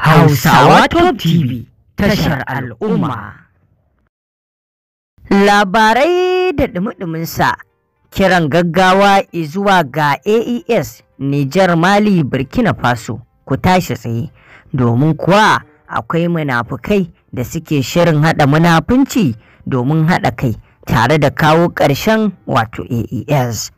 Hausawa Top TV tashar al'umma. Labarai da ɗumi-ɗuminsa kiran gaggawa zuwa ga AES Nijar Mali Burkina Faso ku tashi tsaye domin kuwa akwai munafukai da suke shirin haɗa munafunci domin haɗa kai tare da kawo ƙarshen wato AES.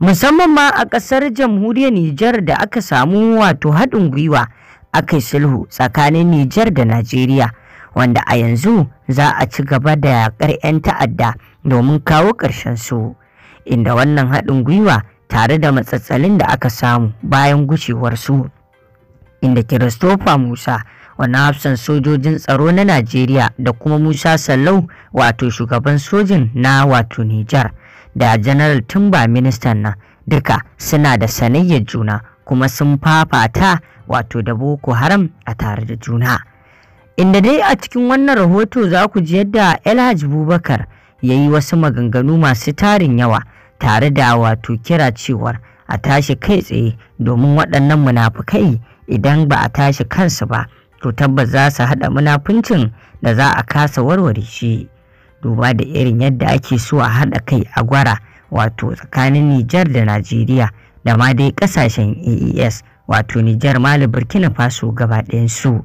Musamman ma a ƙasar jamhuriyar Nijar da aka samu wato haɗin gwiwa aka yi sulhu tsakanin Nijar da Najeriya wanda a yanzu za a ci gaba da yaƙar 'yan ta'adda domin kawo ƙarshen su inda wannan haɗin gwiwa tare da matsatsalin da aka samu bayan gushewar su inda Christopher Musa wani hafsan sojojin tsaro na Najeriya da kuma Musa Sallau wato shugaban sojin na wato Nijar da General Tumba ministan nan duka suna da sanayyar juna kuma sun fafata wato da boko haram a tare da juna inda dai a cikin wannan rahoto za ku ji yadda elhaj bubakar ya yi wasu maganganu masu tarin yawa tare da wato kira cewar a tashi kai tsaye domin waɗannan munafukai idan ba a tashi kansu ba to tabbas za su haɗa munafuncin da za a kasa warware shi duba da irin yadda ake so a haɗa kai a gwara wato tsakanin Nijar da Najeriya da ma dai ƙasashen AES wato Nijar Mali Burkina Faso gaba su.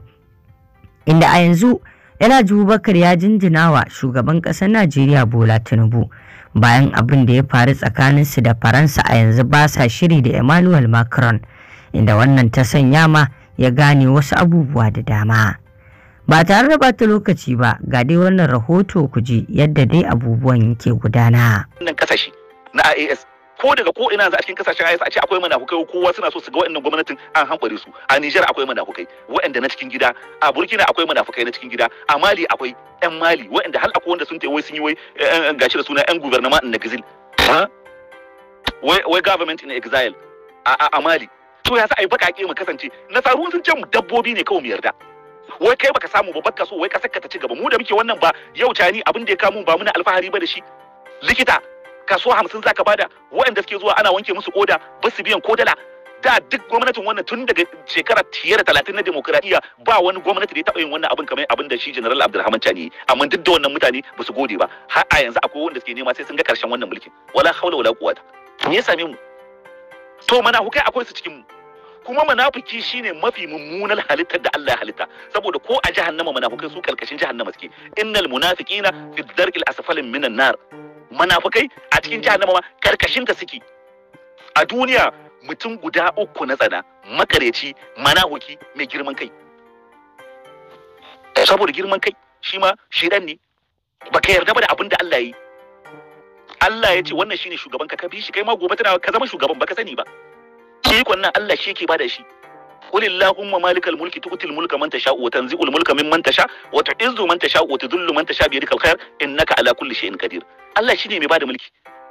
Inda a yanzu yana Bakar ya jinjinawa shugaban ƙasar Najeriya Bola Tinubu bayan abin da ya faru tsakaninsu da Faransa a yanzu ba sa shiri da Emmanuel Macron inda wannan ta sanya ma ya gane wasu abubuwa da dama. Ba tare da bata lokaci ba ga dai wannan rahoto ku ji yadda dai abubuwan ke gudana. na AES ko daga ko ina za a cikin kasashen IS a ce akwai munafukai kowa suna so su ga waɗannan gwamnatin an hankali su a Niger akwai munafukai waɗanda na cikin gida a Burkina akwai munafukai na cikin gida a Mali akwai ƴan Mali waɗanda hal akwai wanda sun tayi wai sun yi wai eh, eh, gashi da suna ƴan gouvernement na Gizil wai government in exile a Mali to ya sa ai bakake mu kasance nasaru sun ce mu dabbobi ne kawai mu yarda wai kai baka samu ba baka so wai ka saka ta ci gaba mu da muke wannan ba yau cani abin da ya kamo ba muna alfahari ba da shi likita kaso hamsin za ka bada waɗanda suke zuwa ana wanke musu koda ba su biyan kodala da duk gwamnatin wannan tun daga shekara tiyar da talatin na demokuraɗiyya ba wani gwamnati da ya taɓa yin wannan abin kamar abin da shi general abdulrahman chani amma duk da wannan mutane ba su gode ba har a yanzu akwai wanda suke nema sai sun ga karshen wannan mulkin wala haula wala quwata me ya same mu to mana hukai akwai su cikin mu kuma munafiki shine mafi mummunar halittar da Allah ya halitta saboda ko a jahannama munafikai su kalkashin jahannama suke innal munafiqina fi dharqil asfalin minan nar munafukai a cikin mm. jahannama ma karkashin ta suke a duniya mutum guda uku na tsana makareci manahuki mai girman kai eh. saboda girman kai shi ma shedan ne baka yarda ba da abin da Allah yi Allah ya ce wannan shine shugaban ka ka bi shi kai ma gobe tana ka zama shugaban baka sani ba ikon nan Allah shi yake bada shi قل اللهم مالك الملك تؤتي الملك من تشاء وتنزع الملك من من تشاء وتعز من تشاء وتذل من تشاء بيدك الخير انك على كل شيء قدير الله شيني مي Allah shine bada mulki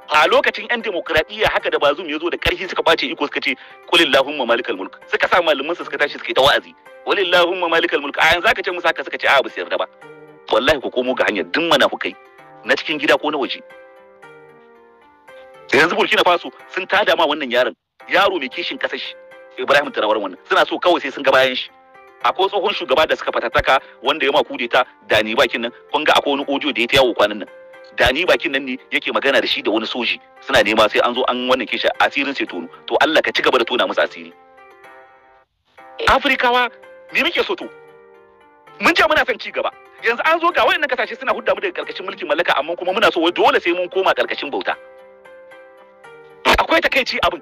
a lokacin yan demokradiyya haka da bazum ya zo da karfi suka ɓace iko suka ce qul allahumma malikal mulk suka sa malaman su suka tashi suka yi ta wa'azi qul allahumma malikal mulk a yanzu aka ce musu haka suka ce a ba su yarda ba wallahi ku komo ga hanyar duk munafukai na cikin gida ko na waje yanzu burkina faso sun tada ma wannan yaron yaro mai kishin kasar shi Ibrahim Tarawar wannan suna so kawai sai sun ga bayan shi akwai tsohon shugaba da suka fatattaka wanda ya ma kudeta dani bakin nan kun ga akwai wani audio da ya ta yawo kwanan nan dani bakin nan ne yake magana da shi da wani soji suna nema sai an zo an wannan kisha asirin sai tono to Allah ka ci gaba da tona musu asiri eh. Afrikawa me muke so to mun ce muna son ci gaba yanzu an zo ga wayannan kasashe suna hudda mu daga karkashin mulkin mallaka amma kuma muna so wai dole sai mun koma karkashin bauta akwai takeici abin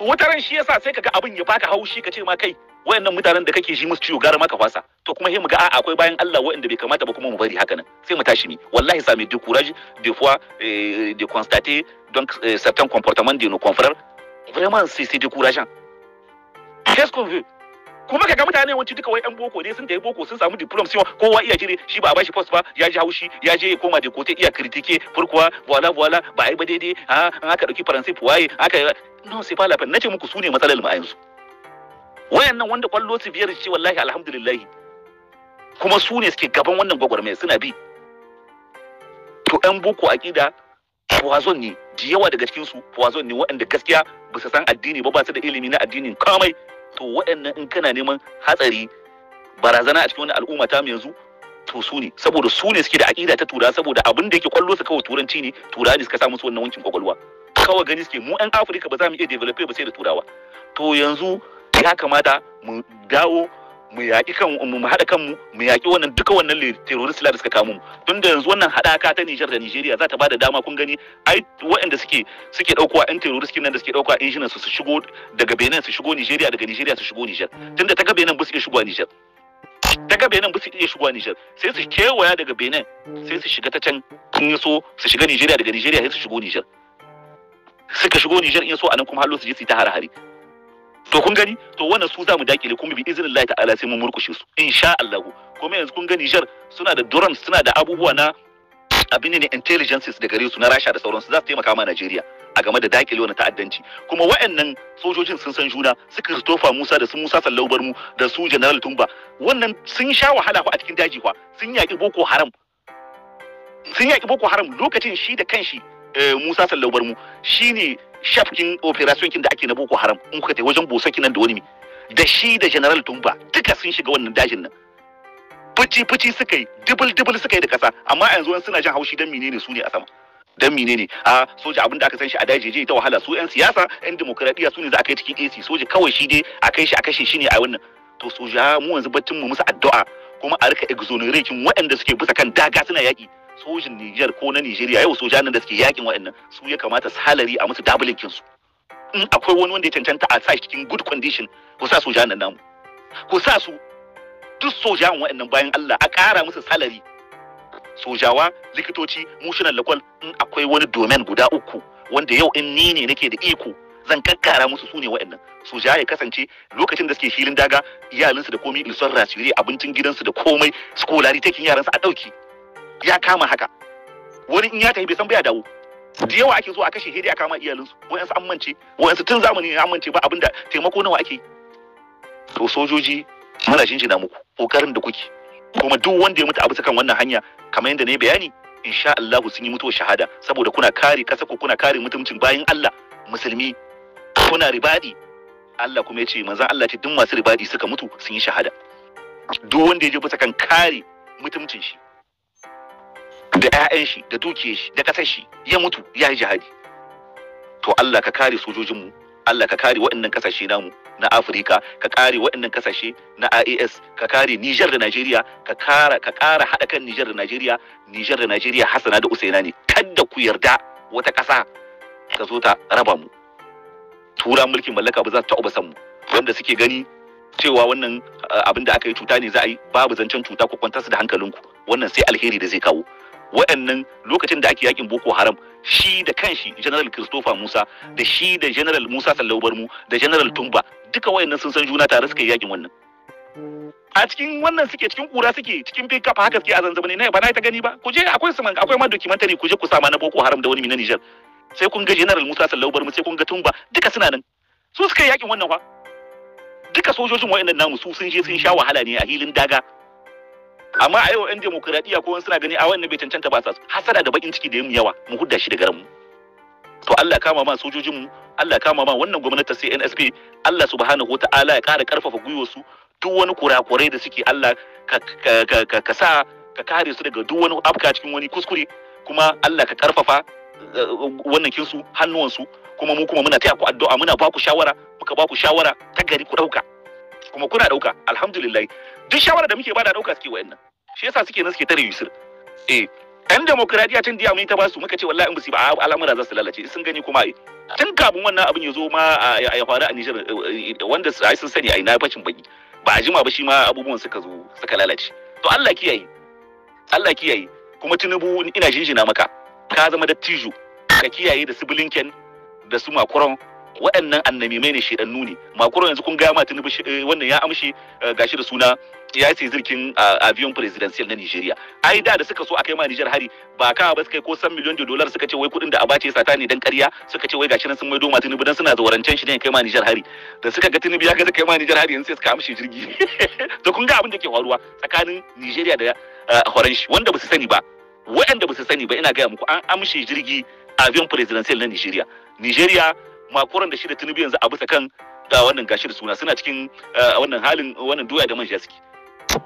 wataran shi yasa sai kaga abin ya baka haushi ka ce ma kai wayannan mutanen da kake ji musu ciwo gara maka fasa to kuma sai mu ga a akwai bayan Allah wayanda bai kamata ba kuma mu bari haka nan sai mu tashi ni wallahi sami du courage des fois eh, de constater donc eh, certains comportements de nos confrères vraiment c'est décourageant qu'est-ce qu'on veut kuma kaga mutane yawanci duka wai yan boko ne sun da boko sun samu diploma sai kowa iya jire shi ba a bashi post ba ya ji haushi ya je ya koma da kote iya kritike furkuwa voila voila ba ai ba daidai an ah, aka dauki faransai puwaye aka kwallo su falafa na ce muku su ne matsalar mu a yanzu wayannan wanda kwallo su biyar ce wallahi alhamdulillahi kuma su ne suke gaban wannan gwagwarmaya suna bi to ɗan boko ƙida poison ne da yawa daga cikin su ne waɗanda gaskiya ba su san addini ba ba su da ilimi na addinin kamai to waɗannan in kana neman hatsari barazana a cikin wani al'umma ta mu yanzu to su ne saboda su ne suke da aƙida ta tura saboda abin da yake kwallo su kawai turanci ne tura ne suka samu su wannan wankin kwakwalwa kawai gani suke mu 'yan afirka ba za mu iya develop ba sai da turawa to yanzu ya kamata mu dawo mu yaƙi kan mu haɗa kanmu mu yaƙi wannan duka wannan terrorist da suka kamo mu tun da yanzu wannan haɗaka ta Nijar da Nijeriya za ta bada dama kun gani ai waɗanda suke suke ɗaukowa ƴan terrorist nan da suke ɗaukowa injinan su su shigo daga Benin su shigo Nijeriya daga Nijeriya su shigo Nijar tunda ta ga Benin ba su iya shigowa Nijar daga Benin ba su iya shigo Nijar sai su kewaya daga Benin sai su shiga ta can kun so su shiga Nijeriya daga Nijeriya sai su shigo Nijar suka shigo Nijar in so anan kuma hallo su je su yi ta hare hari to kun gani to wannan su za mu dakile kuma bi izinin Allah ta'ala sai mu murkushe su insha Allah kuma yanzu kun ga Nijar suna da drones suna da abubuwa na abin ne intelligences da gare su na Rasha da sauransu za su taimaka ma Najeriya a game da dakile wannan ta'addanci kuma waɗannan sojojin sun san juna su Christopher Musa da su Musa Sallau Barmu da su General Tumba wannan sun sha wahala fa a cikin daji kwa sun yaƙi Boko Haram sun yaƙi Boko Haram lokacin shi da kanshi Eh, Musa Sallau Barmu shine ne shafkin operation kin da ake na Boko Haram in kuka wajen Bosa nan da wani da shi da General Tumba duka sun shiga wannan dajin nan fici fici suka yi dubul dubul suka yi da kasa amma yanzu suna jin haushi dan menene su ne a sama dan menene a soja abin da aka san shi a daji je ta wahala su yan siyasa yan demokradiya su ne za a kai cikin AC soja kawai shi dai a kai shi a kashe shi ne a wannan to soja mu yanzu battun mu musu addu'a kuma a rika exonerating waɗanda suke bisa kan daga suna yaki sojin Nijar ko na Nijeriya yau sojanin da suke yakin waɗannan su ya kamata salari a musu dabulin kinsu in akwai wani wanda ya cancanta a sa cikin good condition ko sa nan namu ko sa su duk sojan waɗannan bayan Allah a ƙara musu salari sojawa likitoci mushinan lakwal in akwai wani domain guda uku wanda yau in ni ne nake da iko zan kakkara musu su ne waɗannan soja ya kasance lokacin da suke filin daga iyalinsu da komai ilson rasuri abincin gidansu da komai kolari takin yaransu a ɗauki ya kama haka wani in ya tafi bai san baya dawo da yawa ake so a kashe hedi a kama iyalinsu wa'yansu an mance tun zamani an amince ba abinda taimako nawa ake to sojoji muna na muku kokarin da kuke kuma duk wanda ya mutu a bisa kan wannan hanya kamar yadda na yi bayani insha Allah sun yi mutuwar shahada saboda kuna kare kasa ko kuna kare mutuncin bayan Allah musulmi kuna ribadi Allah kuma ya ce manzon Allah ce duk masu ribadi suka mutu sun yi shahada duk wanda ya je bisa kan kare mutuncin shi da 'ya'yan shi da dukiyar shi da ƙasar shi ya mutu ya yi jihadi to Allah ka kare sojojinmu Allah ka kare waɗannan kasashe namu na Afirka ka kare waɗannan kasashe na AES ka kare Niger da Najeriya ka kara ka kara hada kan Niger da Najeriya Niger da Najeriya Hassana da Usaina ne kada ku yarda wata ƙasa ka zo ta raba mu tura mulkin mallaka ba za ta taɓa san mu wanda suke gani cewa wannan abin da aka yi cuta ne za a yi babu zancen cuta ku kwantar su da hankalinku wannan sai alheri da zai kawo Wa'annan lokacin da ake yakin boko haram shi da kanshi general christopher musa da shi da general musa sallau barmu da general tumba duka wa'annan sun san juna tare suka yi yakin wannan a cikin wannan suke cikin kura suke cikin pick up haka suke a zanzabani ne ba na ta gani ba ku je akwai su akwai ma documentary ku je ku sama na boko haram da wani mina Niger sai kun ga general Musa Sallau Barmu sai kun ga Tumba duka suna nan su suka yakin wannan fa duka sojojin wa'annan namu su sun je sun sha wahala ne a hilin daga amma a yau yan demokuraɗiyya ko suna gani a wannan bai cancanta ba hasara da bakin ciki da yin yawa mu hudda shi da mu to Allah kama ma sojojin mu Allah kama ma wannan gwamnati sai NSP Allah subhanahu wataala ya ƙara karfafa gwiwar su duk wani kurakurai da suke Allah ka sa ka kare su daga duk wani afka cikin wani kuskure kuma Allah ka karfafa uh, wannan kinsu hannuwansu kuma mu kuma muna taya ku addu'a muna ba ku shawara muka ba ku shawara ta gari ku dauka kuma kuna dauka alhamdulillah duk shawara da muke ba da dauka suke wayannan shi yasa suke nan suke tare Yusuf eh yan demokradiya tun diya mun ta basu muka ce wallahi in ba su ba al'amura za su lalace sun gani kuma ai eh, tun kafin wannan abin ya zo ma ya faru a Niger eh, eh, wanda ai sun sani ai na bacin baki ba a jima ba shi ma abubuwan suka zo suka lalace to Allah kiyaye Allah kiyaye kuma tunubu ina jinjina maka ka zama da tijo ka kiyaye da su Blinken da su Macron waɗannan mai ne shedannu ne Macron yanzu kun ga ma tunubu wannan ya amshi gashi da suna ya ce zirkin aviyon presidential na Nigeria ai da da suka so a kai ma Niger hari ba ka ba suka kai ko san miliyon da dolar suka ce wai kudin da abace sata ne dan ƙarya suka ce wai gashi nan sun maido ma tunubu dan suna zawarancen shi ne kai ma Niger hari da suka ga tunubu ya ga kai ma Niger hari yanzu sai suka amshi jirgi to kun ga abin da ke faruwa tsakanin Nigeria da horon shi wanda ba su sani ba waɗanda ba su sani ba ina gaya muku an amshi jirgi aviyon presidential na Nigeria Nigeria makoran da shi da tunubu yanzu a bisa kan da wannan gashi da suna suna cikin wannan halin wannan doya da manja suke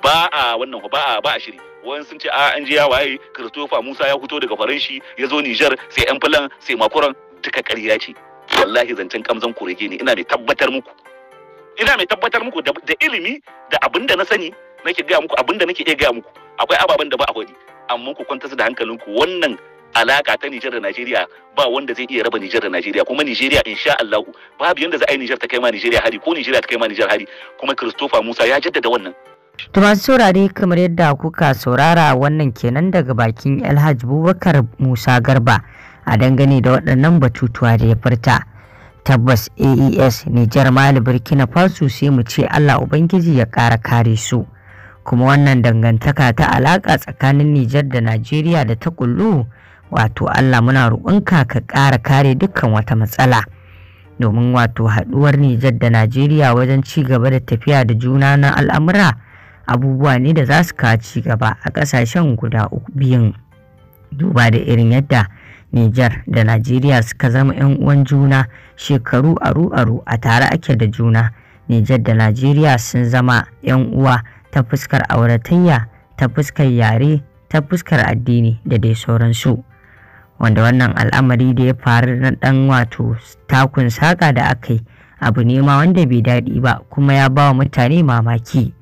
ba a wannan ba a ba a shiri wani sun ce a an je ya waye Christopher Musa ya fito daga Faranshi ya zo Nijar, sai yan filan sai makuran duka ƙarya ce wallahi zancen kamzan kurege ne ina mai tabbatar muku ina mai tabbatar muku da ilimi da abin da na sani nake gaya muku abin da nake iya gaya muku akwai ababen da ba a faɗi amma ku su da hankalinku wannan alaka ta Nijar da Najeriya ba wanda zai iya raba Nijar da Najeriya kuma in insha Allah babu yanda za a yi Nijar ta kai ma nijeriya hari ko nijeriya ta kai ma Nijar hari kuma Christopher Musa ya jaddada wannan To masu saurare kamar yadda kuka saurara wannan kenan daga bakin Alhaj Bubakar Musa Garba a dangane da waɗannan batutuwa da ya furta. Tabbas AES Nijar Mali Burkina Faso sai mu ce Allah Ubangiji ya ƙara kare su. Kuma wannan dangantaka ta alaƙa tsakanin Nijar da Najeriya da ta kullu wato Allah muna roƙonka ka ƙara kare dukkan wata matsala. Domin wato haɗuwar Nijar da Najeriya wajen ci gaba da tafiya da juna na al'amura. abubuwa ne da za su kawo ci gaba a ƙasashen guda biyun duba da irin yadda Nijar da Najeriya suka zama 'yan uwan juna shekaru aru-aru a tare ake da juna. Nijar da Najeriya sun zama 'yan uwa ta fuskar auratayya, ta fuskar yare, ta fuskar addini da dai sauransu. Wanda wannan al'amari da ya faru na ɗan wato takun saƙa da aka yi abu ne ma wanda bai daɗi ba kuma ya ba wa mutane mamaki.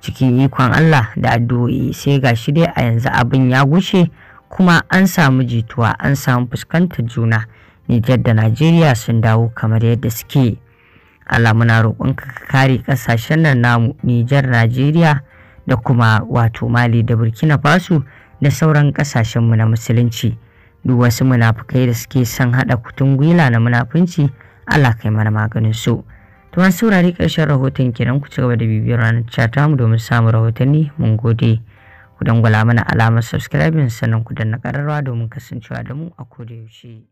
cikin ikon Allah da addu'o'i sai ga shi dai a yanzu abin ya gushe kuma an samu jituwa an samu fuskantar juna Nijar da Najeriya sun dawo kamar yadda suke Allah muna roƙonka ka kare ƙasashen nan namu Nijar Najeriya da kuma wato Mali da Burkina Faso da sauran ƙasashen mu na musulunci duk wasu munafukai da suke son haɗa kutun gwila na munafunci Allah kai mana maganin su. to an saurari ƙarshen rahoton kenan ku ci gaba da bibiyar ranar chata mu domin samun rahotanni mun gode ku dangwala mana alamar subscribing sannan ku danna ƙararrawa domin kasancewa da mu a kodayaushe.